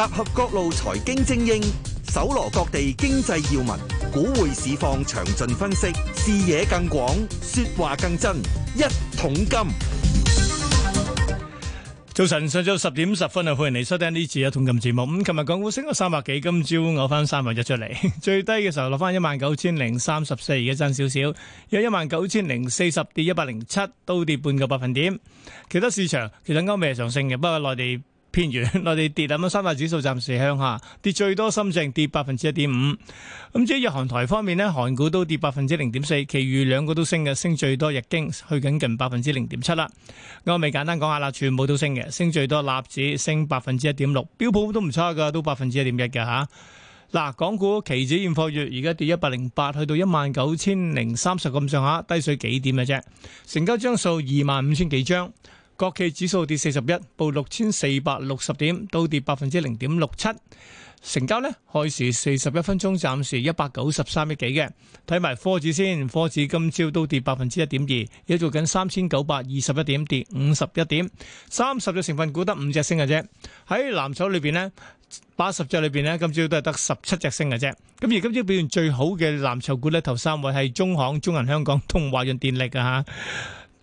集合各路財經精英，搜羅各地經濟要聞，股匯市況詳盡分析，視野更廣，說話更真。一桶金，早晨，上晝十點十分啊，歡迎你收聽呢次一桶金節目。咁，琴日港股升咗三百幾，今朝拗翻三百一出嚟，最低嘅時候落翻一萬九千零三十四，而家差少少，有一萬九千零四十，跌一百零七，都跌半個百分點。其他市場其實歐美係上升嘅，不過內地。邊緣內地跌咁啊，三大指數暫時向下，跌最多深成跌百分之一點五。咁即係日韓台方面咧，韓股都跌百分之零點四，其餘兩個都升嘅，升最多日經去緊近百分之零點七啦。我未簡單講下啦，全部都升嘅，升最多納指升百分之一點六，標普都唔差噶，都百分之一點一嘅吓。嗱，港股期指現貨月而家跌一百零八，去到一萬九千零三十咁上下，低水幾點嘅啫。成交張數二萬五千幾張。國企指數跌四十一，報六千四百六十點，都跌百分之零點六七。成交咧，開市四十一分鐘，暫時一百九十三億幾嘅。睇埋科指先，科指今朝都跌百分之一點二，而家做緊三千九百二十一點，跌五十一點。三十隻成分股得五隻升嘅啫。喺藍籌裏邊咧，八十隻裏邊咧，今朝都係得十七隻升嘅啫。咁而今朝表現最好嘅藍籌股咧，頭三位係中行、中銀香港、同華潤電力啊吓。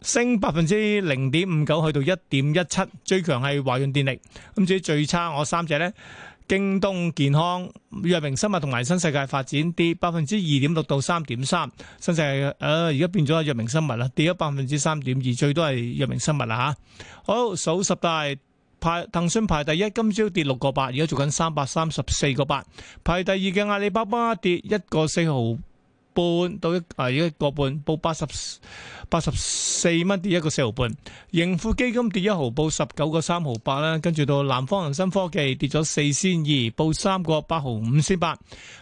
升百分之零點五九，去到一點一七，最強係華潤電力。咁至於最差，我三隻呢，京東健康、藥明生物同埋新世界發展跌百分之二點六到三點三。新世界，誒，而家變咗藥明生物啦，跌咗百分之三點二，最多係藥明生物啦吓。好，首十大排，騰訊排第一，今朝跌六個八，而家做緊三百三十四個八。排第二嘅阿里巴巴跌一個四毫。半到一啊，一個半，報八十八十四蚊跌一個四毫半，盈富基金跌一毫，報十九個三毫八啦。跟住到南方恒生科技跌咗四仙二，報三個八毫五仙八，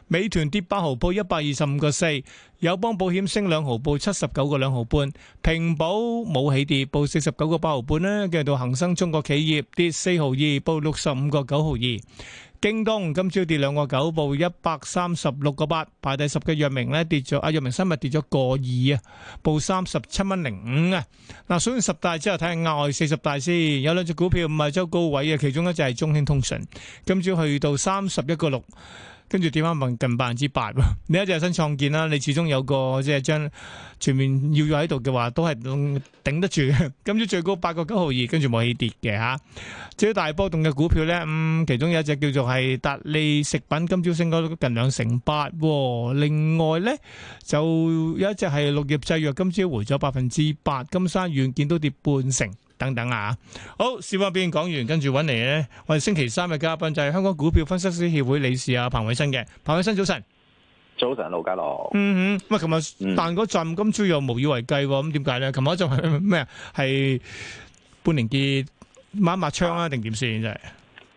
美團跌八毫，報一百二十五個四，友邦保險升兩毫，報七十九個兩毫半，平保冇起跌，報四十九個八毫半咧。跟住到恒生中國企業跌四毫二，報六十五個九毫二。京東今朝跌兩個九，報一百三十六個八。排第十嘅藥明咧跌咗，阿藥明生物跌咗個二啊，報三十七蚊零五啊。嗱，數完十大之後睇下額外四十大先，有兩隻股票唔係周高位嘅，其中一隻係中興通訊，今朝去到三十一個六。跟住點翻問近百分之八咯。 你一隻新創建啦，你始終有個即係將全面要約喺度嘅話，都係頂得住。 今朝最高八個九毫二，跟住冇起跌嘅吓。至於大波動嘅股票咧，嗯，其中有一隻叫做係達利食品，今朝升咗近兩成八。另外咧就有一隻係綠葉製藥，今朝回咗百分之八。金山軟件都跌半成。等等啊！好，事話變講完，跟住揾嚟咧，我哋星期三嘅嘉賓就係、是、香港股票分析師協會理事啊彭偉新嘅，彭偉新早晨，早晨盧家樂，嗯哼，咁喂，琴日、嗯、但嗰陣，今朝又無以為繼，咁點解咧？琴日就係咩啊？係半年結抹一抹窗啊，定點先真係？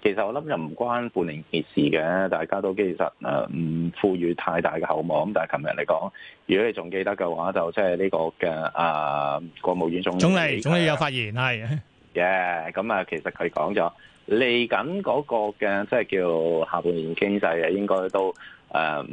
其實我諗又唔關半年嘅事嘅，大家都其實誒唔賦予太大嘅厚望。咁但係琴日嚟講，如果你仲記得嘅話，就即係呢、呢個嘅誒、啊、國務院總總理總理有發言係嘅。咁、yeah, 啊，其實佢講咗嚟緊嗰個嘅即係叫下半年經濟啊，應該都誒唔、啊、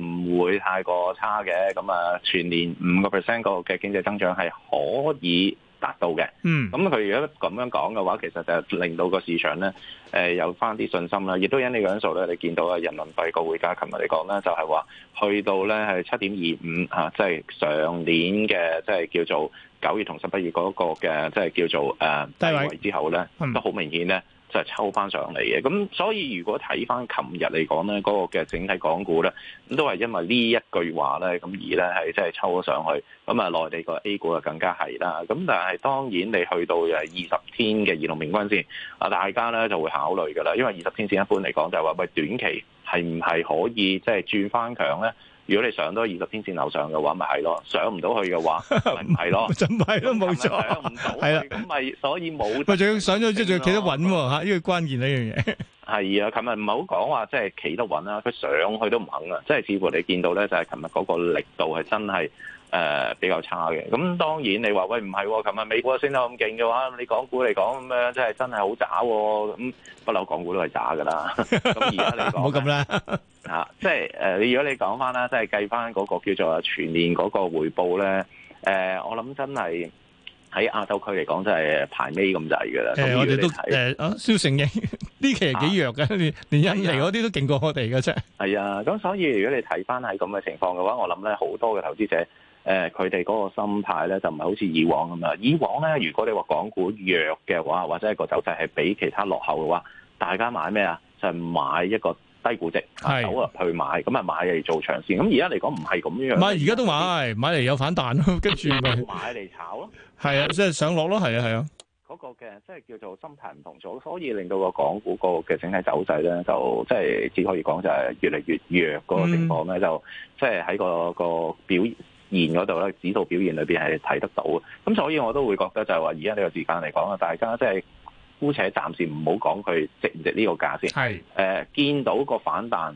會太過差嘅。咁啊，全年五個 percent 個嘅經濟增長係可以達到嘅，咁佢如果咁樣講嘅話，其實就令到個市場咧，誒、呃、有翻啲信心啦。亦都因呢因素咧，你見到啊，人民幣個匯價琴日嚟講咧，就係、是、話去到咧係七點二五嚇，即係、啊就是、上年嘅，即、就、係、是、叫做九月同十一月嗰個嘅，即、就、係、是、叫做誒低、呃、位之後咧，嗯、都好明顯咧。就係抽翻上嚟嘅，咁所以如果睇翻琴日嚟講咧，嗰個嘅整體港股咧，咁都係因為呢一句話咧，咁而咧係真係抽咗上去，咁啊內地個 A 股啊更加係啦，咁但係當然你去到誒二十天嘅移動平均線，啊大家咧就會考慮噶啦，因為二十天線一般嚟講就係話喂，短期係唔係可以即係轉翻強咧？如果你上到二十天線樓上嘅話，咪係咯；上唔到去嘅話，咪唔係咯。就唔係咯，冇錯。唔到係啦，咁咪所以冇。佢仲的要上咗之後仲要企得穩喎嚇，呢個、 啊、關鍵呢樣嘢。係啊，琴日唔係好講話，即係企得穩啦。佢上去都唔肯啊，即係似乎你見到咧，就係琴日嗰個力度係真係。誒、呃，比較差嘅，咁、嗯、當然你話喂，唔係琴日、哦、美股升得咁勁嘅話，你港股嚟講咁樣，真係真係好渣，咁、嗯、 不嬲港股都係渣噶啦咁而家嚟講咁啦，吓，即係誒、呃，如果你講翻啦，即係計翻嗰個叫做全年嗰個回報咧，誒、呃，我諗真係喺亞洲區嚟講，真係排尾咁滯噶啦我哋都睇。肖、呃呃、成英呢 期係幾弱嘅，連印尼嗰啲都勁過我哋嘅啫。係啊，咁、啊 啊、所以如果你睇翻喺咁嘅情況嘅話，我諗咧好多嘅投資者。誒佢哋嗰個心態咧，就唔係好似以往咁啊！以往咧，如果你話港股弱嘅話，或者係個走勢係比其他落後嘅話，大家買咩啊？就係、買一個低估值，係是走入去買，咁啊買嚟做長線。咁而家嚟講唔係咁樣。唔係買而家都買，買嚟有反彈咯。跟住買嚟炒咯。係 啊，即、就、係、係、上落咯，係啊，係啊。嗰個嘅即係叫做心態唔同咗，所以令到個港股、嗰個嘅整體走勢咧，就即係只可以講就係越嚟越弱嗰、嗰個情況咧，就即係喺個、嗯、個表現嗰度咧，指數表現裏邊係睇得到嘅。咁所以我都會覺得就係話，而家呢個時間嚟講啊，大家即係姑且暫時唔好講佢值唔值呢個價先。係誒是、呃，見到個反彈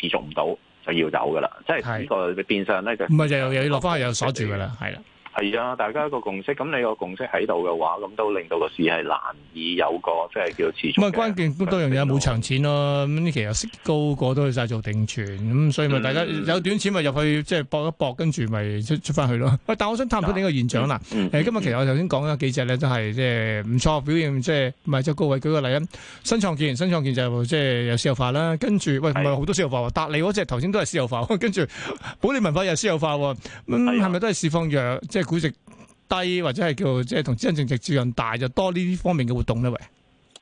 持續唔到，就要走㗎啦。是即係呢個變相咧就唔係就又要落翻去又要鎖住㗎啦。係啦的。係啊，大家一個共識，咁你個共識喺度嘅話，咁都令到個市係難以有個即係叫持續。咁啊，關鍵都一樣嘢冇長錢咯。咁其實息高個都去晒做定存，咁所以咪大家、嗯、有短錢咪入去即係搏一搏，跟住咪出出翻去咯。喂，但我想探唔到呢個現象啦。嗯嗯嗯、今日其實我頭先講咗幾隻咧，都係即係唔錯表現，即係唔係即係高位。舉個例啊，新創建、新創建就即係有私有化啦。跟住喂，唔係好多私有化喎，達利嗰隻頭先都係私有化，跟住保利文化又私有化喎。係、嗯、咪、哎、呦都係釋放弱？即係估值低或者係叫即係同資產淨值接近大就多呢啲方面嘅活動咧，喂？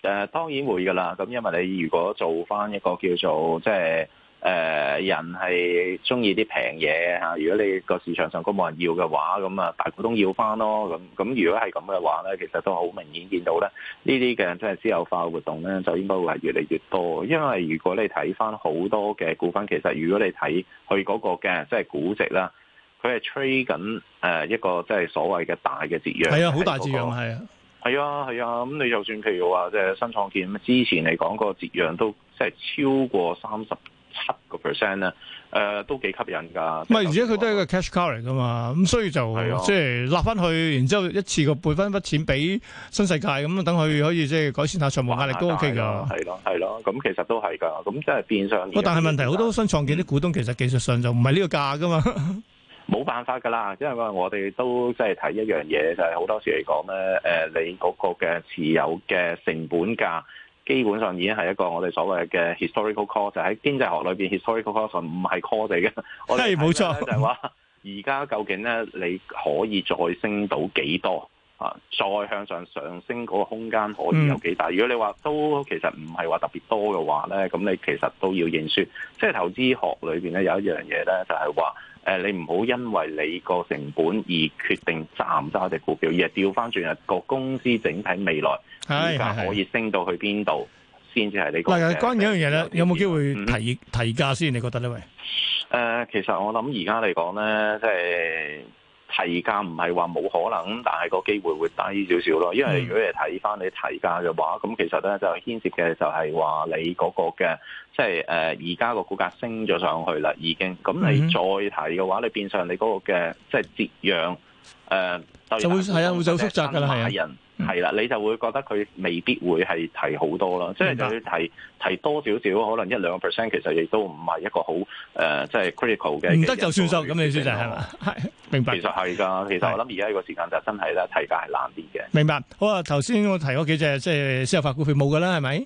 誒，當然會噶啦。咁因為你如果做翻一個叫做即係誒人係中意啲平嘢吓，如果你個市場上都冇人要嘅話，咁啊大股東要翻咯。咁咁如果係咁嘅話咧，其實都好明顯見到咧，呢啲嘅即係私有化活動咧，就應該會係越嚟越多。因為如果你睇翻好多嘅股份，其實如果你睇佢嗰個嘅即係估值啦。佢係吹緊誒一個即係所謂嘅大嘅折讓，係啊，好大折讓，係啊的，係啊，係啊。咁你就算譬如話即係新創建，之前嚟講個折讓都即係超過三十七個 percent 啊，誒、呃，都幾吸引噶。唔係是，而且佢都係一個 cash cow 嚟噶嘛，咁所以就即係立翻去，然之後一次過撥翻筆錢俾新世界，咁等佢可以即係改善下財務壓力都 OK 噶，係咯，係咯。咁其實都係噶，咁即係變相。不過但係問題好、嗯、多新創建啲股東其實技術上就唔係呢個價噶嘛。冇辦法㗎啦，因為我哋都即係睇一樣嘢，就係、是、好多時嚟講呢，誒、呃、你嗰個嘅持有嘅成本價，基本上已經係一個我哋所謂嘅 historical cost，就喺經濟學裏邊 historical cost 唔係 cost 嚟嘅。係是，冇錯， 就係話而家究竟呢，你可以再升到幾多？再向上上升嗰個空間可以有幾大？嗯、如果你話都其實唔係話特別多嘅話咧，咁你其實都要認輸。即係投資學裏邊咧有一樣嘢咧，就係話誒，你唔好因為你個成本而決定賺唔賺一隻股票，而係調翻轉個公司整體未來依家可以升到去邊度先至係你嗱。關鍵一樣嘢咧，嗯、有冇機會提提價先？你覺得呢喂？誒、呃，其實我諗而家嚟講咧，即、就、係、是。提價唔係話冇可能，但係個機會會低少少咯。因為如果你睇返你提價嘅話，咁其實呢就牽涉嘅就係話你嗰個嘅即係誒而家個股價升咗上去啦，已經咁你再提嘅話，你變相你嗰個嘅即係折讓誒、呃、就會係是啊會有縮窄嘅啦。係啦，嗯、你就會覺得佢未必會係提好多咯，即係白就要提提多少少，可能一兩個 percent，其實亦都唔係一個好誒，即係 critical 嘅。唔得就算數咁，你先生係嘛？係，明白。其實係㗎，的其實我諗而家呢個時間就真係咧提價係難啲嘅。明白。好啊，頭先我提咗幾隻，即係私有化股票冇㗎啦，係咪？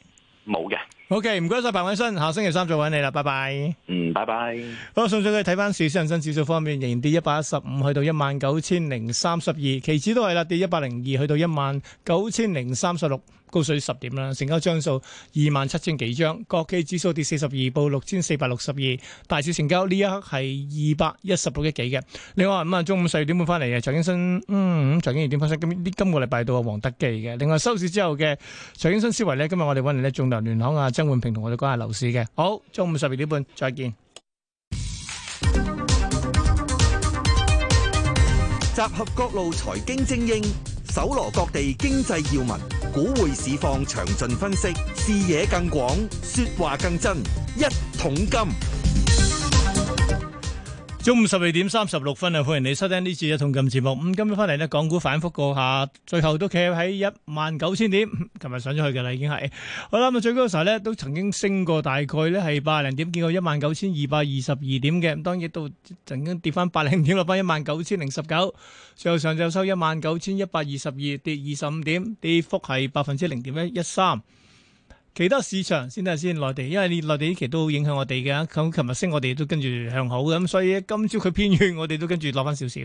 冇嘅。OK，唔該晒，彭偉新，下星期三再搵你啦，拜拜。嗯，拜拜。好，順便睇翻市新，恒生指數方面，仍然跌一百一十五，去到一萬九千零三十二。期指都係啦，跌一百零二，去到一萬九千零三十六。高水十點啦，成交張數二萬七千幾張，國企指數跌四十二，報六千四百六十二，大市成交呢一刻係二百一十六億幾嘅。另外五啊，中午十二點半翻嚟嘅，徐景新，嗯，徐景賢點分析？今呢今個禮拜到啊，黃德記嘅。另外收市之後嘅徐景新思維呢，今日我哋搵嚟呢仲量聯行啊，曾煥平同我哋講下樓市嘅。好，中午十二點半再見。集合各路財經精英，搜羅各地經濟要聞。股匯市況詳盡分析，視野更廣，說話更真，一桶金。中午十二點三十六分啊！歡迎你收聽呢次嘅《一桶金節目》。咁今日翻嚟咧，港股反覆過下，最後都企喺一萬九千點。琴日上咗去噶啦，已經係好啦。咁啊，最高嘅時候咧都曾經升過大概咧係八零點，見過一萬九千二百二十二點嘅。咁當然到曾經跌翻八零點，落翻一萬九千零十九。最後上晝收一萬九千一百二十二，跌二十五點，跌幅係百分之零點一三。其他市場先睇下先，內地，因為你內地呢期都影響我哋嘅，咁琴日升我哋都跟住向好咁，所以今朝佢偏軟，我哋都跟住落翻少少。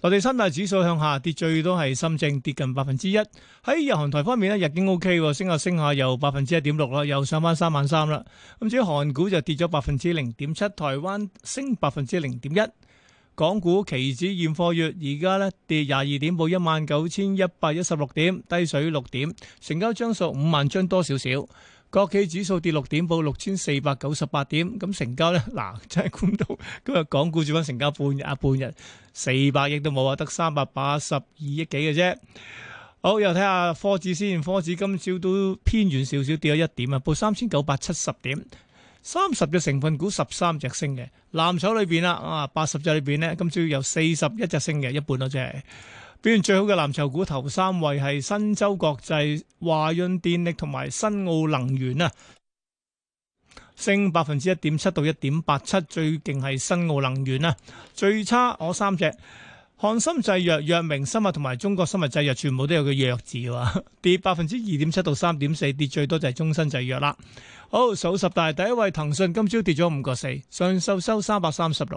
內地三大指數向下跌，最多係深證跌近百分之一。喺日韓台方面咧，日經 OK，升下升下，又百分之一點六啦，又上翻三萬三啦。咁至於韓股就跌咗百分之零點七，台灣升百分之零點一。港股期指現貨月而家呢跌廿二點，報一萬九千一百一十六點，低水六點。成交張數五萬張，多少少？國企指數跌六點，報六千四百九十八點。咁成交呢，嗱真係估唔到今日港股主板成交半日啊，半日四百億都冇啊，得三百八十二億幾嘅啫。好，又睇下科指先，科指今朝都偏軟少少，跌咗一點啊，報三千九百七十點。三十隻成分股十三隻升嘅，藍籌裏邊啦，啊八十隻裏邊呢，今朝有四十一隻升嘅，一半咯，即係表現最好嘅藍籌股頭三位係新洲國際、華潤電力同埋新奧能源啊，升百分之一點七到一點八七，最勁係新奧能源啊。最差我三隻漢森製藥、藥明生物同埋中國生物製藥，全部都有個藥字，呵呵，跌百分之二點七到三點四，跌最多就係中生製藥啦。好，數十大第一位騰訊今朝跌咗五個四，上週收三百三十六。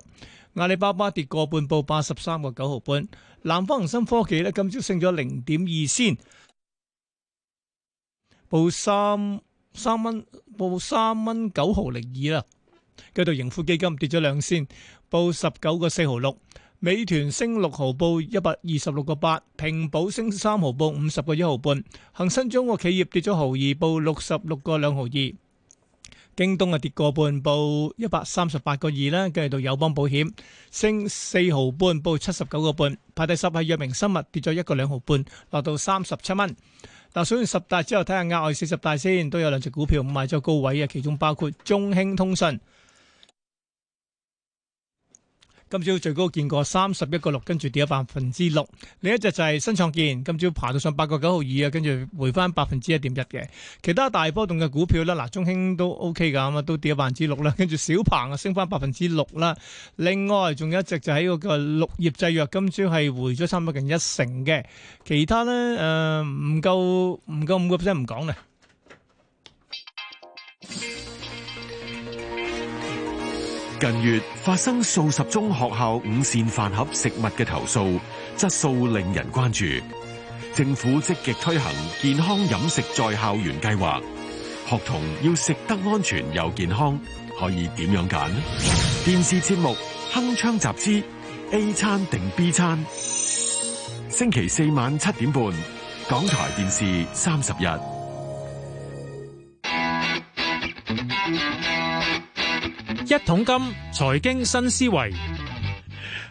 阿里巴巴跌過半，報八十三個九毫半。南方恒生科技咧今朝升咗零點二先，報三三蚊，報三蚊九毫零二啦。跟住，盈富基金跌咗兩先，報十九個四毫六。美團升六毫，報一百二十六個八。平保升三毫，報五十個一毫半。恒生中國企業跌咗毫二，報六十六個兩毫二。京東啊跌個半，報一百三十八個二啦，跟住到友邦保險升四毫半，報七十九個半，排第十係藥明生物跌咗一個兩毫半，落到三十七蚊。嗱，數完十大之後，睇下額外四十大先，都有兩隻股票賣咗高位啊，其中包括中興通訊。今朝最高見過三十一個六，跟住跌咗百分之六。另一隻就係新創建，今朝爬到上八個九毫二啊，跟住回翻百分之一點一嘅。其他大波動嘅股票咧，嗱，中興都 OK 噶，咁啊，都跌咗百分之六啦，跟住小鵬啊，升翻百分之六啦。另外仲有一隻就喺個綠葉製藥，今朝係回咗差唔多近一成嘅。其他咧，誒、呃、唔夠唔夠五個 percent 唔講咧。近月發生數十宗學校午膳飯盒食物嘅投訴，質素令人關注。政府積極推行健康飲食在校園計劃，學童要食得安全又健康，可以點樣揀？電視節目《鏗鏘集資》，A 餐定 B 餐？星期四晚七點半，港台電視三十日。總金財經新思維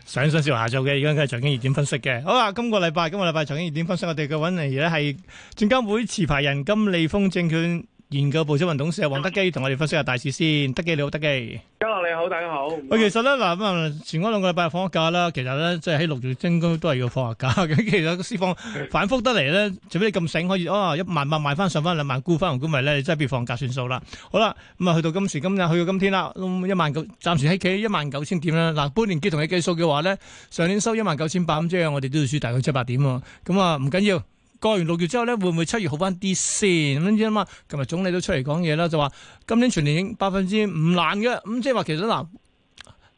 上新節下晝嘅，而家係財經熱點分析嘅。好啦，今個禮拜，今個禮拜財經熱點分析，我哋嘅搵嚟咧係證監會持牌人金利豐證券。研究部車運董事啊，黃德基同我哋分析下大事先。德基你好，德基，大家好，大家好。喂，其實咧嗱咁啊，前嗰兩個禮拜放個假啦。其實咧，即係喺六月，應該都係要放個假嘅。其實個市況反覆得嚟咧，除非你咁醒，可以哦、啊，一萬萬賣翻上翻兩萬估翻紅股咪咧，你真係別放假算數啦。好啦，咁啊，去到今時今日去到今天啦，嗯、1, 9, 暫 19, 一萬九，暫時喺企一萬九千點啦。嗱，半年結同你計數嘅話咧，上年收一萬九千八，即係我哋都要輸大概七八點啊。咁啊，唔緊要。過完六月之後咧，會唔會七月好翻啲先？咁樣知啊嘛，今日總理都出嚟講嘢啦，就話今年全年應百分之五難嘅，咁即係話其實嗱嗱、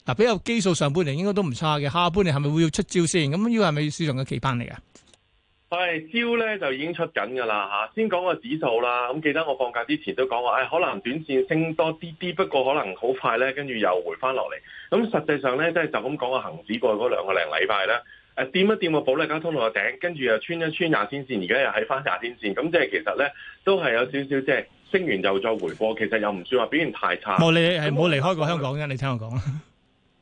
呃、比較基數上半年應該都唔差嘅，下半年係咪會要出招先？咁呢個係咪市場嘅期盼嚟啊？係招咧就已經出緊噶啦吓，先講個指數啦。咁、嗯、記得我放假之前都講話，誒、哎、可能短線升多啲啲，不過可能好快咧，跟住又回翻落嚟。咁、嗯、實際上咧，即係就咁講個恒指過去嗰兩個零禮拜啦。誒掂一掂個保力加通道個頂，跟住又穿一穿廿天線，而家又喺翻廿天線，咁即係其實咧都係有少少即係升完又再回過，其實又唔算話表現太差。冇，你係冇離開過香港嘅，嗯、你聽我講啦。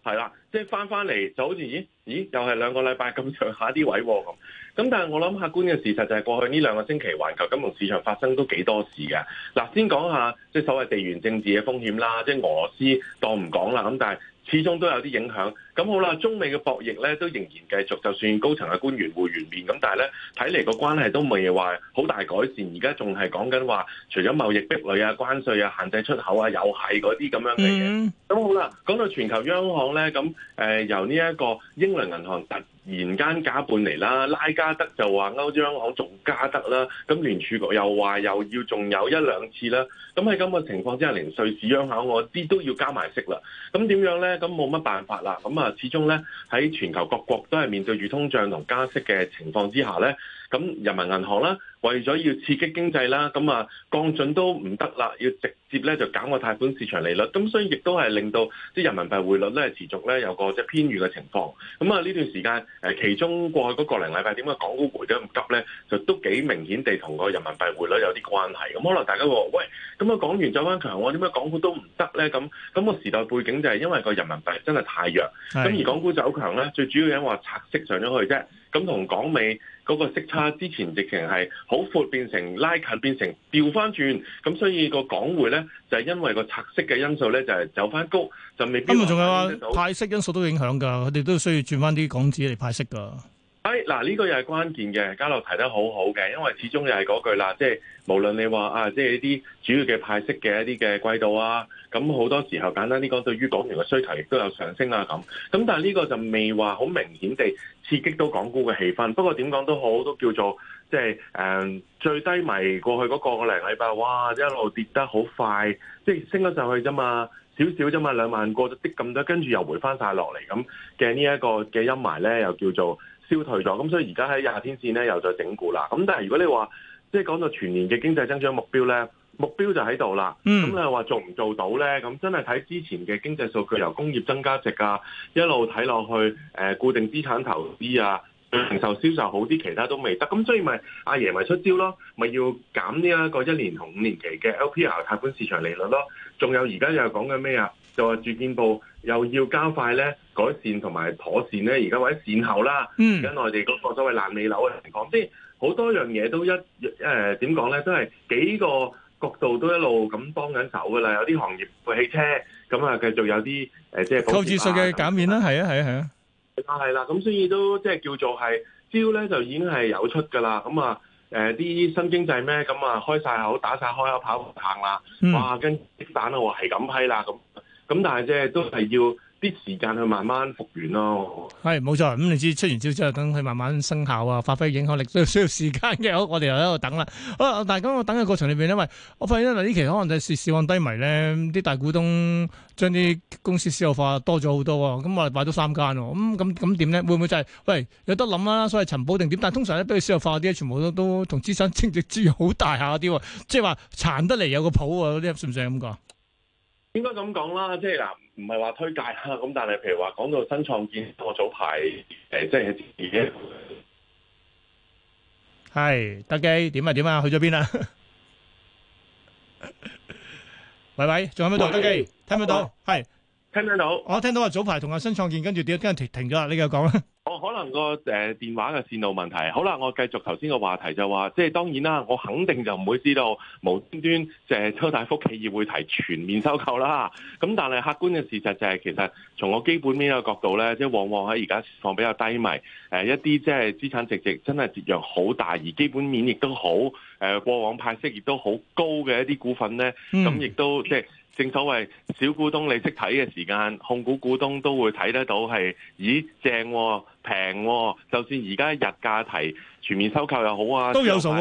係啦，即係翻翻嚟就好似咦咦，又係兩個禮拜咁上下啲位喎咁。咁但係我諗客觀嘅事實就係過去呢兩個星期，環球金融市場發生都幾多事嘅。嗱，先講下即係所謂地緣政治嘅風險啦，即係俄羅斯當唔講啦。咁但係。始終都有啲影響，咁好啦。中美嘅博弈咧都仍然繼續，就算高層嘅官員會完面，咁但係咧睇嚟個關係都未話好大改善，而家仲係講緊話除咗貿易壁壘啊、關稅啊、限制出口啊、又係嗰啲咁樣嘅嘢。咁、mm. 好啦，講到全球央行咧，咁、呃、誒由呢一個英倫銀行言間加半釐啦，拉加德就話歐洲央行仲加得啦，咁聯儲局又話又要仲有一兩次啦，咁喺咁嘅情況之下，連瑞士央行我啲都要加埋息啦。咁點樣呢？咁冇乜辦法啦。咁啊，始終呢，喺全球各國都係面對住通脹同加息嘅情況之下呢。咁人民銀行啦，為咗要刺激經濟啦，咁啊降準都唔得啦，要直接咧就減個貸款市場利率。咁所以亦都係令到啲人民幣匯率咧持續咧有個即係偏軟嘅情況。咁啊呢段時間誒，其中過去嗰個零禮拜點解港股回得咁急咧？就都幾明顯地同個人民幣匯率有啲關係。咁可能大家話喂，咁啊港元走翻強，點解港股都唔得咧？咁咁個時代背景就係因為個人民幣真係太弱。咁的而港股走強咧，最主要因為話拆息上咗去啫。咁同港美。嗰個息差之前直情係好闊，變成拉近，變成調翻轉，咁所以個港匯咧就係、是、因為個拆息嘅因素咧就係、是、走翻高，就未必。咁、嗯、啊，仲有啊派息因素都影響㗎，佢哋都需要轉翻啲港紙嚟派息㗎。哎，嗱、這、呢個又係關鍵嘅，家樂提得好好嘅，因為始終又係嗰句啦，即係無論你話啊，即係呢啲主要嘅派息嘅一啲嘅季度啊，咁好多時候簡單啲講，這個、對於港元嘅需求亦都有上升啊咁，咁但係呢個就未話好明顯地刺激到港股嘅氣氛。不過點講都好，都叫做即係誒、呃、最低迷過去嗰個零禮拜，哇一路跌得好快，即係升咗上去啫嘛，少少啫嘛，兩萬個跌咁多，跟住又回翻晒落嚟咁嘅呢一個嘅陰霾咧，又叫做。退咗，咁所以而家喺廿天線咧又再整固啦。咁但係如果你話即係講到全年嘅經濟增長目標咧，目標就喺度啦。咁、嗯、你話做唔做到咧？咁真係睇之前嘅經濟數據，由工業增加值啊，一路睇落去，誒固定資產投資啊，零售銷售好啲，其他都未得。咁所以咪阿爺咪出招咯，咪要減呢一個一年同五年期嘅 LPR 貸款市場利率咯。仲有而家又講緊咩啊？就話住建部又要加快咧。改善同埋妥善咧，而家或者善後啦，而家內地嗰個所謂爛尾樓嘅情況，即係好多樣嘢都一誒點講咧，都係幾個角度都一路咁幫緊手噶啦。有啲行業，會汽車咁啊，繼續有啲誒，即係高稅率嘅減免啦，係啊樣，係啊，係啊，係啦，咁所以都即係叫做係招咧，就已經係有出噶啦。咁啊誒啲新經濟咩咁啊，開晒口打晒開口，跑行啦，哇！跟即蛋我係咁批啦，咁咁但係即係都係要。啲時間去慢慢復原咯，係冇錯。咁你知出完招之後，等佢慢慢生效啊，發揮影響力都需要時間嘅。好，我哋又喺度等啦。好，但係咁我等嘅過程裏邊，因為我發現咧，呢期可能就係市況低迷咧，啲大股東將啲公司私有化多咗好多喎。咁我哋賣咗三間喎。咁咁咁點咧？會唔會就係、是、喂有得諗啦？所謂尋寶定點？但係通常咧，畀佢私有化啲，全部都都同資產清值資源好大下啲，即係話殘得嚟有個譜啊嗰啲，算唔算咁講？應該咁講啦，即係嗱，唔係話推介吓，咁但係譬如話講到新創建，我早排誒，即係自己係得機，點啊點啊，去咗邊啊？喂喂，仲喺邊度？得機，聽唔聽到？係聽唔聽到？我聽到啊，早排同阿新創建，跟住點？跟住停停咗啦，你繼續講啦。我可能個誒電話嘅線路問題，好啦，我繼續頭先個話題就話，即係當然啦，我肯定就唔會知道無端端就係周大福企業會提全面收購啦。咁但係客觀嘅事實就係，其實從我基本面嘅角度咧，即係往往喺而家市況比較低迷，誒一啲即係資產值值真係節約好大，而基本面亦都好，誒過往派息亦都好高嘅一啲股份咧，咁亦都即係。正所謂小股東你識睇嘅時間，控股股東都會睇得到，係咦正平，啊啊，就算而家日價提全面收購又好啊，都有數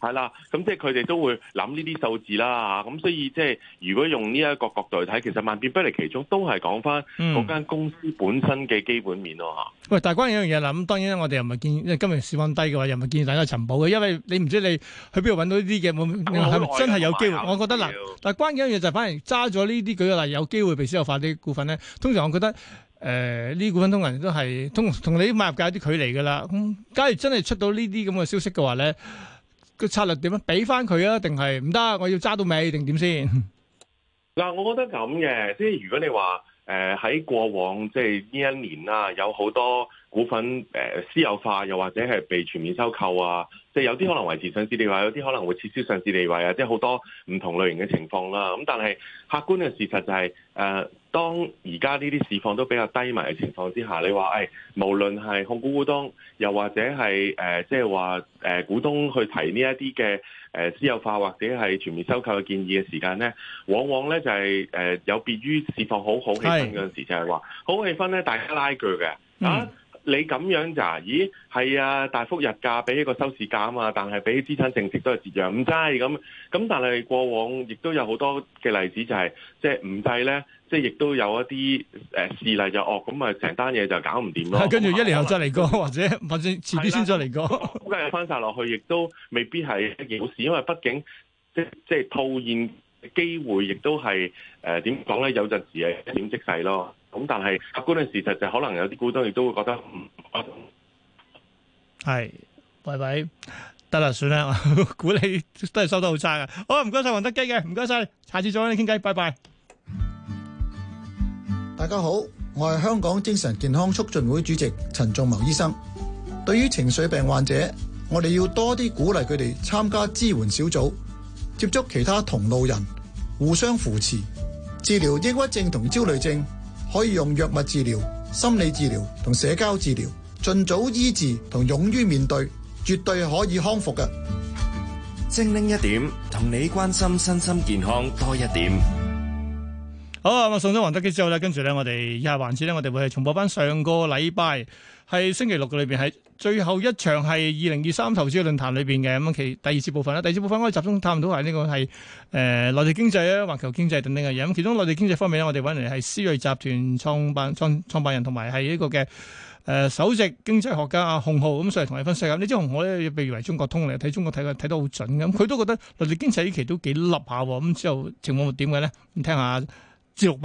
係啦，咁即係佢哋都會諗呢啲數字啦，咁所以即係如果用呢一個角度去睇，其實萬變不離其中，都係講翻嗰間公司本身嘅基本面咯嚇。喂、嗯，但係關鍵一樣嘢啦，咁當然我哋又唔係建議，因為今日市況低嘅話，又唔係建議大家尋寶嘅，因為你唔知你去邊度揾到呢啲嘅，會係咪真係有機會？我，我覺得嗱，啊、但係關鍵一樣嘢就係反而揸咗呢啲舉例，有機會被私有化啲股份咧，通常我覺得誒呢啲股份通常都係通常同你啲買入價有啲距離㗎啦，嗯。假如真係出到呢啲咁嘅消息嘅話咧。個策略點啊？畀翻佢啊，定係唔得？我要揸到尾定點先？嗱， 我覺得咁嘅，即係如果你話。誒喺、呃、過往即係呢一年啦，有好多股份誒、呃、私有化，又或者係被全面收購啊，即係有啲可能維持上市地位，有啲可能會撤銷上市地位啊，即係好多唔同類型嘅情況啦。咁、啊、但係客觀嘅事實就係、是、誒、呃，當而家呢啲市況都比較低迷嘅情況之下，你話誒、哎，無論係控股股東，又或者係誒、呃，即係話誒，股東去提呢一啲嘅。誒私有化或者係全面收購嘅建議嘅時間咧，往往咧就係誒有別於市況好好，是好好氣氛嗰陣時，就係話好氣氛咧，大家拉鋸嘅嚇。嗯你咁樣就、啊、係，咦？係啊，大幅日價比起個收市價啊嘛，但係比起資產淨值都係截讓唔濟咁。咁但係過往亦都有好多嘅例子、就係，就係即係唔濟咧，即係亦都有一啲誒事例就哦，咁啊成單嘢就搞唔掂咯。跟住一年後再嚟過 或，或者或者遲啲先再嚟過，估計入翻曬落去，亦都未必係一件好事，因為畢竟即即係套現機會，亦都係誒點講咧？有陣時係點即勢咯。咁但係客觀嘅事實就可能有啲股東亦都會覺得唔係，嗯嗯，拜拜，得啦，算啦， 鼓勵真係收得好差噶。好，唔該晒，王德基嘅，唔該晒，下次再傾偈，拜拜。大家好，我係香港精神健康促進會主席陳仲謀醫生。對於情緒病患者，我哋要多啲鼓勵佢哋參加支援小組，接觸其他同路人，互相扶持，治療抑鬱症同焦慮症。可以用藥物治療、心理治療同社交治療，盡早醫治同勇於面對，絕對可以康復嘅。精靈一點，同你關心身心健康多一點。好，我送咗黃德基之後咧，跟住咧，我哋以下環節咧，我哋會係重播翻上個禮拜係星期六嘅裏邊，係最後一場係二零二三投資論壇裏邊嘅咁其第二次部分啦。第二次部分我哋集中探討係呢個係誒內地經濟啊、環球經濟等等嘅嘢。咁、嗯、其中內地經濟方面咧，我哋揾嚟係思銳集團創辦創創辦人同埋係呢個嘅誒、呃、首席經濟學家阿、啊、洪浩咁，上嚟同你分析下。咁你知洪浩咧被譽為中國通嚟，睇中國睇睇得好準咁佢、嗯、都覺得內地經濟呢期都幾笠下，咁、嗯嗯、之後情況會點嘅咧？咁聽下。接六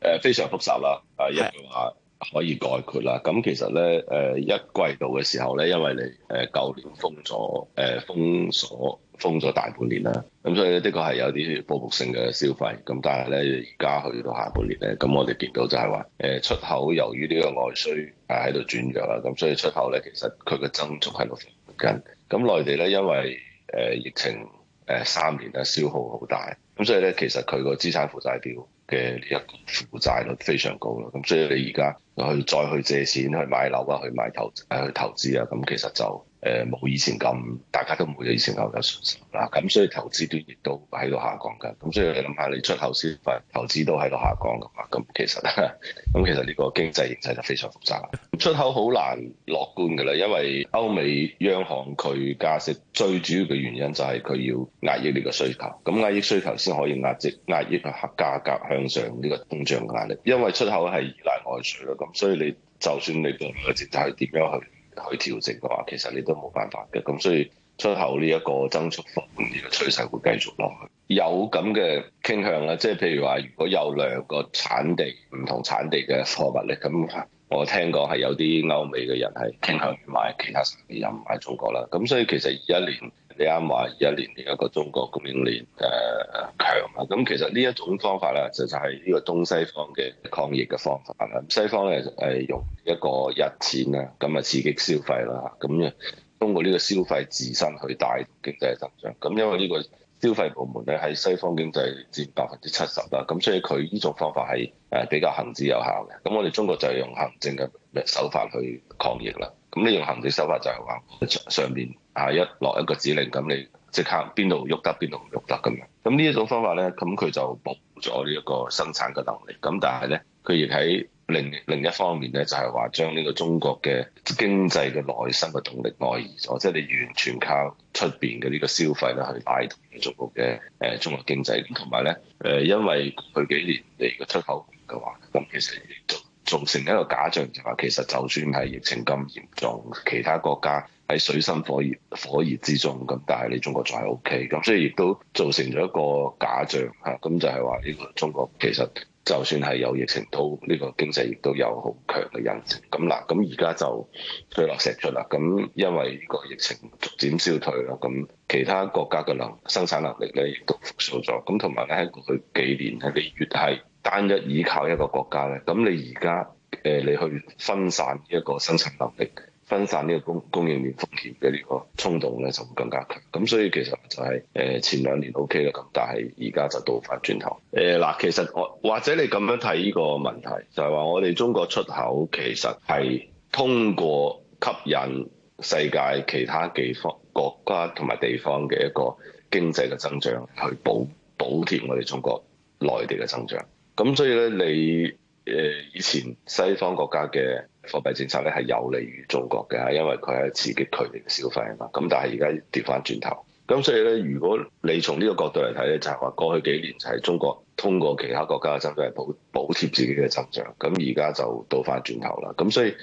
誒非常複雜啦，誒一句話，可以概括啦。咁其實咧，誒一季度嘅時候咧，因為你誒舊年封咗誒封鎖封咗大半年啦，咁所以咧的確係有啲報復性嘅消費。咁但係咧而家去到下半年咧，咁我哋見到就係話誒出口由於呢個外需啊喺度轉弱啦，咁所以出口咧其實佢嘅增速係六成附近。咁內地咧因為誒疫情誒三年咧消耗好大，咁所以咧其實佢個資產負債表嘅呢一個負債率非常高啦。咁所以你而家去再去借錢去買樓啊，去買投誒啊，去投資啊，咁其實就～誒冇、呃、以前咁，大家都唔會有以前咁有信心啦。咁所以投資端亦都喺度下降㗎。咁所以你諗下，你出口消費、投資都喺度下降㗎嘛？咁其實，咁其實呢個經濟形勢就非常複雜啦。出口好難樂觀㗎啦，因為歐美央行佢加息，最主要嘅原因就係佢要壓抑呢個需求。咁壓抑需求先可以壓抑壓抑價價格向上呢個通脹嘅壓力，因為出口係依賴外需啦。咁所以你就算你個經濟係點樣去去調整嘅話，其實你都冇辦法嘅。咁所以出口呢一個增速幅呢，呢個趨勢會繼續落去，有咁嘅傾向啦。即係譬如話，如果有兩個產地唔同產地嘅貨物咧，咁。我聽講係有啲歐美嘅人係傾向於買其他生意，又唔買中國啦。咁所以其實二一年你啱話二一年另一個中國供應鏈誒、呃、強啊。咁其實呢一種方法咧，就就係呢個東西方嘅抗疫嘅方法啦。西方咧，誒用一個日錢啦，咁啊刺激消費啦。咁樣通過呢個消費自身去帶經濟增長。咁因為呢個消費部門咧喺西方經濟佔百分之七十啦，咁所以佢呢種方法係誒比較行之有效嘅。咁我哋中國就係用行政嘅手法去抗疫啦。咁呢種行政手法就係話上邊下一落一個指令，咁你即刻邊度喐得邊度唔喐得咁樣。咁呢一種方法咧，咁佢就補咗呢一個生產嘅能力。咁但係咧，佢亦喺另另一方面咧，就係話將呢個中國嘅經濟嘅內生嘅動力外移咗，即係你完全靠出邊嘅呢個消費啦去帶動中國嘅誒中國經濟。同埋咧誒，因為佢幾年嚟嘅出口嘅話，咁其實造造成一個假象，就係，就係其實就算係疫情咁嚴重，其他國家喺水深火熱火熱之中咁，但係你中國仲係 O K。咁所以亦都造成咗一個假象嚇，咁、啊、就係話呢個中國其實。就算係有疫情，都、這、呢個經濟亦都有好強嘅韌性。咁嗱，咁而家就水落石出啦。咁因為呢個疫情逐漸消退啦，咁其他國家嘅能生產能力咧亦都復甦咗。咁同埋咧，喺過去幾年咧，你越係單一依靠一個國家咧，咁你而家誒你去分散呢一個生產能力。分散呢個供供應鏈風險嘅呢個衝動咧就會更加強，咁所以其實就係、是、誒、呃、前兩年 O K 啦，咁但係而家就倒翻轉頭。誒、呃、嗱，其實我或者你咁樣睇呢個問題，就係、是、話我哋中國出口其實係通過吸引世界其他地方國家同埋地方嘅一個經濟嘅增長去補補貼我哋中國內地嘅增長。咁所以咧，你誒、呃、以前西方國家嘅貨幣政策咧係有利於中國嘅，因為佢係刺激佢哋嘅消費啊嘛。咁但係而家跌翻轉頭，咁所以咧，如果你從呢個角度嚟睇咧，就係話過去幾年就係中國通過其他國家嘅增長補補貼自己嘅增長，咁而家就倒翻轉頭啦。咁所以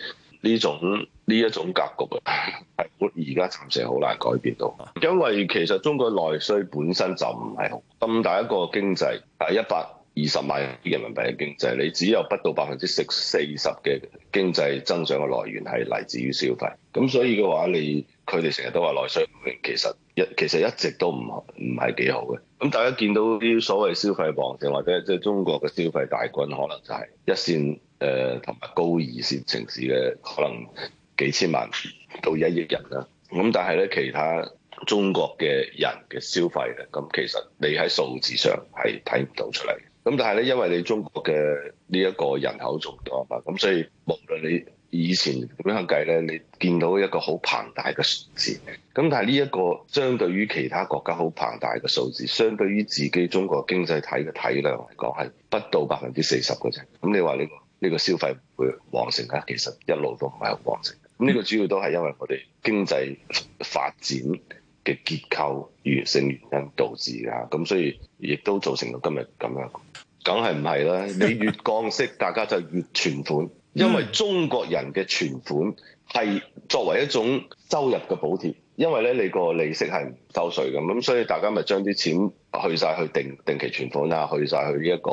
呢種呢一種格局啊，而家暫時好難改變到，因為其實中國內需本身就唔係好咁大一個經濟，係一百二十萬人民幣嘅經濟，你只有不到百分之四四十嘅經濟增長嘅來源係嚟自於消費。咁所以嘅話，你佢哋成日都話內需，其實一其實一直都唔唔係幾好嘅。咁大家見到啲所謂消費旺盛或者即係中國嘅消費大軍，可能就係一線誒同埋高二線城市嘅可能幾千萬到一億人啦。咁但係咧，其他中國嘅人嘅消費咧，咁其實你喺數字上係睇唔到出嚟。咁但係咧，因為你中國嘅呢一個人口仲多啊嘛，咁所以無論你以前點樣計咧，你見到一個好龐大嘅數字。咁但係呢一個相對於其他國家好龐大嘅數字，相對於自己中國經濟體嘅體量嚟講，係不到百分之四十嘅啫。咁你話呢個呢個消費會旺盛啊？其實一路都唔係好旺盛。咁呢個主要都係因為我哋經濟發展嘅結構、漸性原因導致㗎。咁所以，亦都造成到今日咁樣，梗係唔係啦？你越降息，大家就越存款，因為中國人嘅存款係作為一種收入嘅補貼，因為咧你個利息係唔收稅嘅，咁所以大家咪將啲錢去晒去定定期存款啦，去晒、這個呃、去呢一個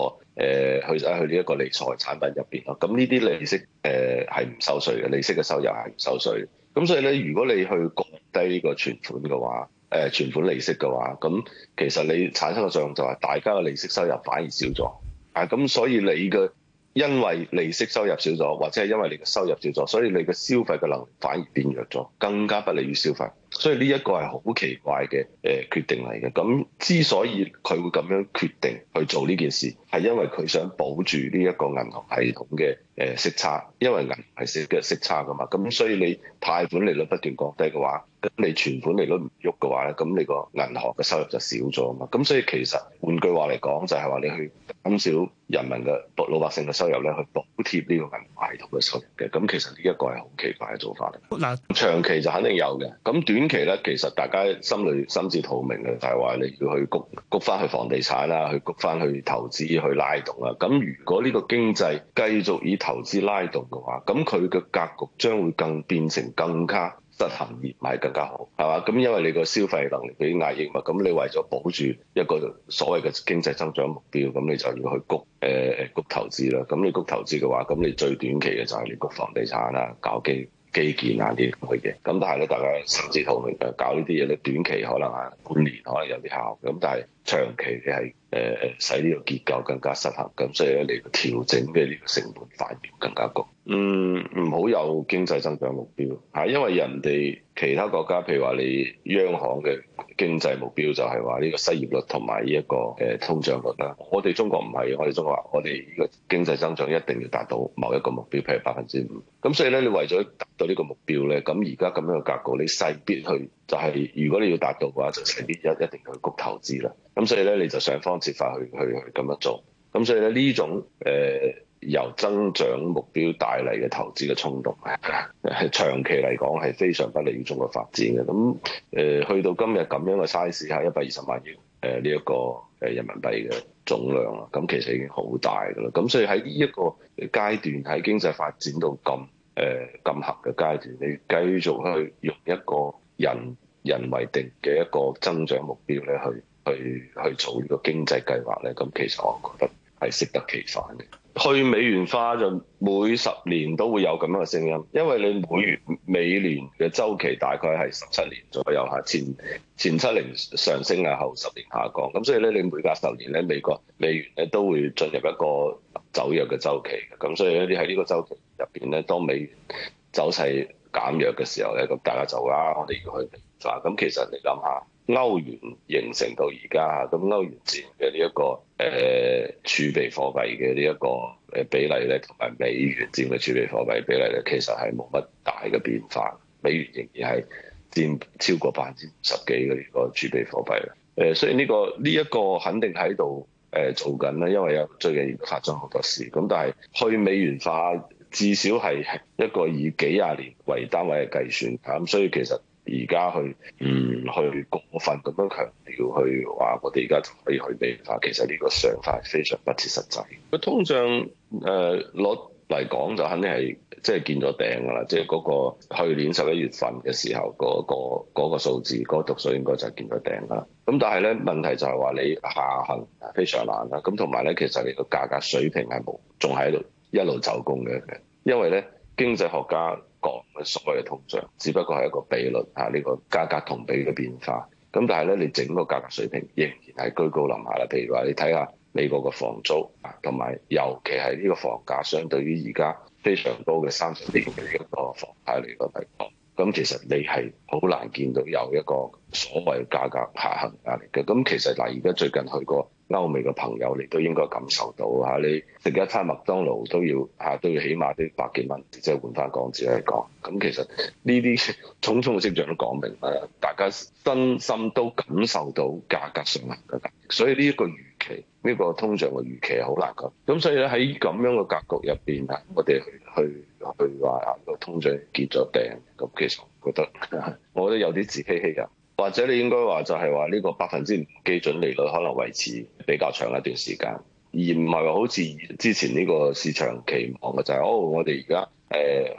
誒，去曬去呢一個理財產品入邊咯。咁呢啲利息誒係唔收稅嘅，利息嘅收入係唔收稅。咁所以咧，如果你去降低呢個存款嘅話，誒存款利息嘅話，咁其實你產生嘅作用就係大家嘅利息收入反而少咗，啊咁所以你嘅因為利息收入少咗，或者係因為你嘅收入少咗，所以你嘅消費嘅能力反而變弱咗，更加不利於消費。所以呢一個係好奇怪嘅誒決定嚟嘅。咁之所以佢會咁樣決定去做呢件事，係因為佢想保住呢一個銀行系統嘅。誒息差，因為銀行係食嘅息差噶嘛，咁所以你貸款利率不斷降低嘅話，咁你存款利率唔喐嘅話咧，咁你個銀行嘅收入就少咗啊嘛，咁所以其實換句話嚟講，就係話你去減少人民嘅老百姓嘅收入咧，去補貼呢個銀行系統嘅收入嘅，咁其實呢一個係好奇怪嘅做法嚟。嗱，長期就肯定有嘅，咁短期咧，其實大家心裏心知肚明嘅，就係話你要去谷谷翻去房地產啦，去谷翻去投資去拉動啦，咁如果呢個經濟繼續以投資拉動嘅話，咁佢嘅格局將會更變成更加實行業買更加好，係嘛？咁因為你個消費能力比壓抑嘛，咁你為咗保住一個所謂嘅經濟增長目標，咁你就要去谷誒誒谷投資啦。咁你谷投資嘅話，咁你最短期嘅就係你谷房地產啦、搞基基建啊啲咁嘅嘢。咁但係咧，大家心知肚明，誒搞呢啲嘢咧，你短期可能啊半年可能有啲效，咁但係長期你係。誒、呃、使呢個結構更加適合，咁所以咧，嚟調整嘅呢個成本反應更加高。嗯，唔好有經濟增長目標嚇，因為人哋其他國家，譬如話你央行嘅經濟目標就係話呢個失業率同埋呢一個誒通脹率啦。我哋中國唔係，我哋中國話我哋呢個經濟增長一定要達到某一個目標，譬如百分之五。咁所以咧，你為咗達到呢個目標咧，咁而家咁樣嘅格局，你勢必去就係、是、如果你要達到嘅話，就勢必一一定要去谷投資啦。咁所以咧，你就想方設法去去咁樣做。咁所以咧，呢種誒。呃由增長目標帶嚟嘅投資嘅衝動， 長期嚟講係非常不利於中國發展嘅。咁誒、呃，去到今日咁樣嘅 size，係一百二十萬元誒呢一個誒人民幣嘅總量啦。咁其實已經好大㗎啦。咁所以喺呢一個階段，喺經濟發展到咁誒咁合嘅階段，你繼續去用一個人人為定嘅一個增長目標咧，去去去做呢個經濟計劃咧，咁其實我覺得。係適得其反嘅。去美元化就每十年都會有咁樣嘅聲音，因為你每元美元嘅週期大概係十七年左右嚇，前前七年上升啊，後十年下降。咁所以咧，你每隔十年咧，美國美元咧都會進入一個走弱嘅週期。咁所以咧你喺呢個週期入邊咧，當美元走勢減弱嘅時候咧，咁大家就啦、啊，我哋要去美元化。咁其實你諗下。歐元形成到而家嚇，咁歐元佔嘅呢一個誒、呃、儲備貨幣嘅呢一個誒比例咧，同埋美元佔嘅儲備貨幣比例咧，其實係冇乜大嘅變化。美元仍然係佔超過百分之十幾嘅呢個儲備貨幣啦。誒、呃，雖然呢個呢一個肯定喺度誒做緊啦，因為有最近發生好多事。咁但係去美元化至少係一個以幾廿年為單位嘅計算，咁所以其實。而家去唔、嗯、去過分咁樣強調去，去話我哋而家可以去美元化，其實呢個想法非常不切實際。佢通脹誒攞嚟講，就肯定係即係見咗頂噶啦，即係嗰個去年十一月份嘅時候、嗰個個嗰、嗰個數字，嗰、嗰個讀數應該就係見咗頂啦。咁但係咧問題就係話你下行非常難啦。咁同埋咧，其實你個價格水平係冇仲喺度一路走高嘅，因為咧。經濟學家講嘅所謂嘅通脹，只不過係一個比率嚇，呢、啊這個價格同比嘅變化。咁但係咧，你整個價格水平仍然係居高臨下啦。譬如話，你睇下美國嘅房租啊，同埋尤其係呢個房價，相對於而家非常高嘅三十年嘅一個房價嚟講。咁其實你係好難見到有一個所謂價格下行壓力嘅。咁其實嗱，而、啊、家最近去過。歐美嘅朋友你都應該感受到嚇、啊，你食一餐麥當勞都要嚇、啊，都要起碼都百幾蚊，即係換翻港紙嚟講。咁其實呢啲種種嘅跡象都講明誒、啊，大家真心都感受到價格上壓所，這個、所以呢一個預期，呢個通脹嘅預期好難講。咁所以咧喺咁樣嘅格局入邊啊，我哋去去話個通脹結咗病。咁其實我覺得、啊、我都有啲自欺欺人。或者你應該話就係話呢個百分之五基準利率可能維持比較長一段時間，而唔係話好似之前呢個市場期望嘅就係、是、哦，我哋而家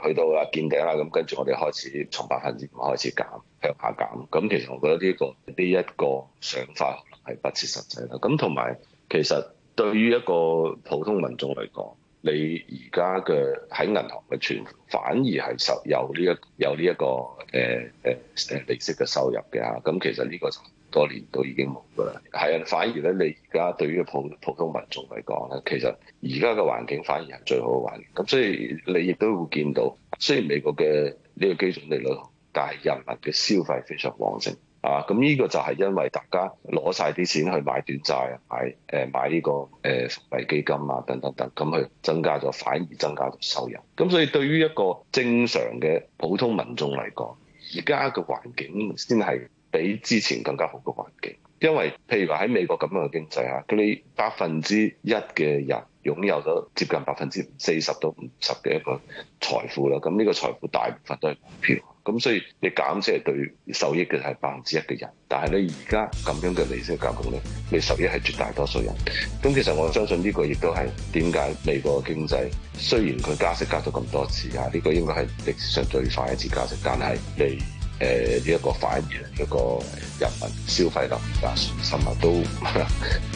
誒去到啊見頂啦，咁跟住我哋開始從百分之五開始減向下減。咁其實我覺得呢、呢個呢一、呢個想法係不切實際啦。咁同埋其實對於一個普通民眾嚟講，你而家嘅喺銀行嘅存款反而係收有呢、這、一、個、有呢、這、一個誒誒誒利息嘅收入嘅嚇，咁其實呢個多年都已經冇㗎啦。係啊，反而咧你而家對於普普通民眾嚟講咧，其實而家嘅環境反而係最好嘅環境。咁所以你亦都會見到，雖然美國嘅呢個基準利率，但係人民嘅消費非常旺盛。啊！咁、這、呢個就係因為大家攞晒啲錢去買短債、買誒、呃、買呢、這個誒貨幣基金啊等等等，咁去增加咗，反而增加咗收入。咁所以對於一個正常嘅普通民眾嚟講，而家嘅環境先係比之前更加好嘅環境。因為譬如話喺美國咁樣嘅經濟嚇，佢哋百分之一嘅人擁有咗接近百分之四十到五十嘅一個財富啦，咁呢個財富大部分都係股票，咁所以你減息係對受益嘅係百分之一嘅人，但係你而家咁樣嘅利息減共率，你受益係絕大多數人，咁其實我相信呢個亦都係點解美國經濟雖然佢加息加咗咁多次嚇，呢個應該係歷史上最快一次加息，但係你。誒呢一個反映一個人民消費能力啊，什、呃、麼都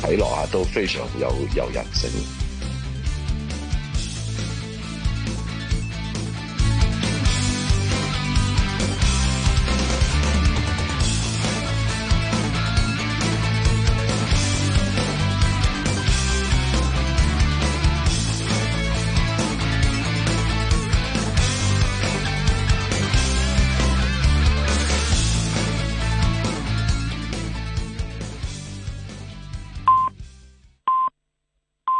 睇落啊都非常有有人性。